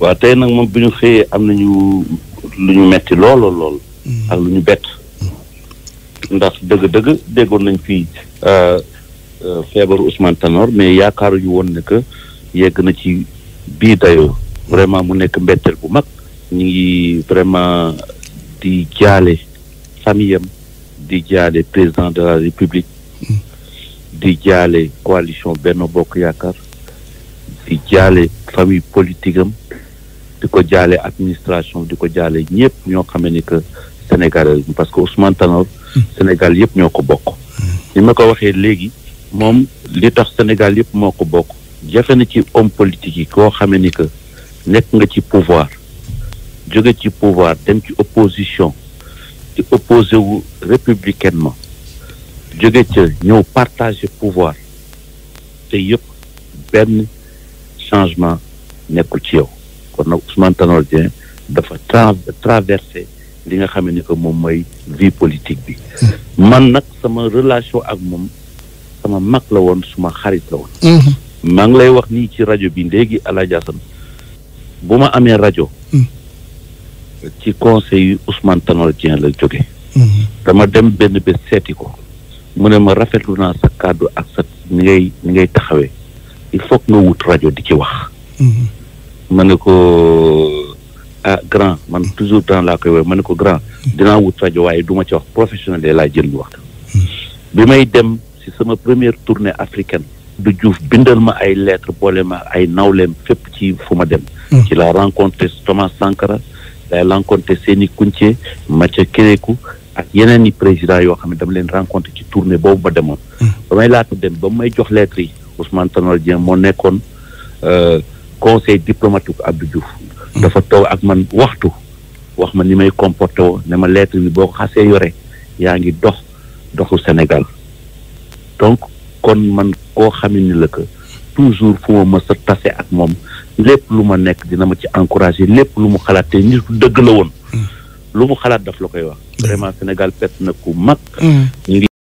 waaw tey nag moom bu ñu xëyee am nañu lu ñu metti looloo lool mm. ak lu ñu bett ndax dëgg-dëgg déggoon nañ fii euh, euh, feebaru Ousmane Tanor mais ñu woon ne yegg na ci bii dayoo vraiment mu nekk mbetteel bu mag ñu ngi vraiment di jaale famille di jaale président de la république mm. di jaale coalition benn Bokk Yaakaar di jaale famille politique di ko jaale administration di ko jaale ñëpp ñoo xamee ni que Sénégalais parce que Ousmane Sénégal yëpp ñoo ko bokk hmm. ni ma ko waxee léegi moom li tax Sénégal yëpp moo ko bokk jafe na ci homme politique yi koo xamee ni que nekk nga ci pouvoir jóge ci pouvoir dem ci opposition di opposé wu républicainement jóge ca ñëw partage pouvoir te yëpp benn changement nekkul ci yow kon nag Ousmane Tanor Dieng dafa tra traversé li nga xam ne que moom mooy vie politique bi hmm. man nag sama relation ak moom sama mag la woon suma xarit la woon hmm. maa ngi lay wax nii ci rajo bi léegi Alaaji bu ma amee rajo hmm. ci conseil yu Ousmane Tanor Dieng la jóge dama dem benn bés seeti ko mu ne ma rafetlu naa sa kàddu ak sa ni ngay ni ngay taxawee il faut que nga wut rajo di ci wax ma ne ko ah grand man toujours dans laa koy woowee ma ne ko grand dinaa wut rajo waaye du ma ci wax professionnel yi laa jël wax. bi may dem si sama première tournée africaine. du Diouf bindal ma ay lettres boole ma ay nawleem fépp ci fu ma dem. Hmm. ci la rencontré Thomas Sankara la rencontré Séni Kounthié Mathieu keneeku ak yeneen i président yoo xam ne dama leen rencontré ci tournée boobu ma demoon. Hmm. ba may laata dem ba may jox lettres yi Ousmane Tanor moo nekkoon. Euh, conseil diplomatique Abdou Diouf. dafa toog ak man waxtu. wax ma ni may comporté woo ne ma lettre bi boo xasee yore yaa ngi dox doxu Sénégal donc kon man koo xam ni la que toujours fu ma mës a tase ak moom lépp lu ma nekk dina ma ci encouragé lépp lu mu xalaat te nit dëgg la woon. Mm. lu mu xalaat daf la koy wax. vraiment Sénégal perte na ku mag. Mm.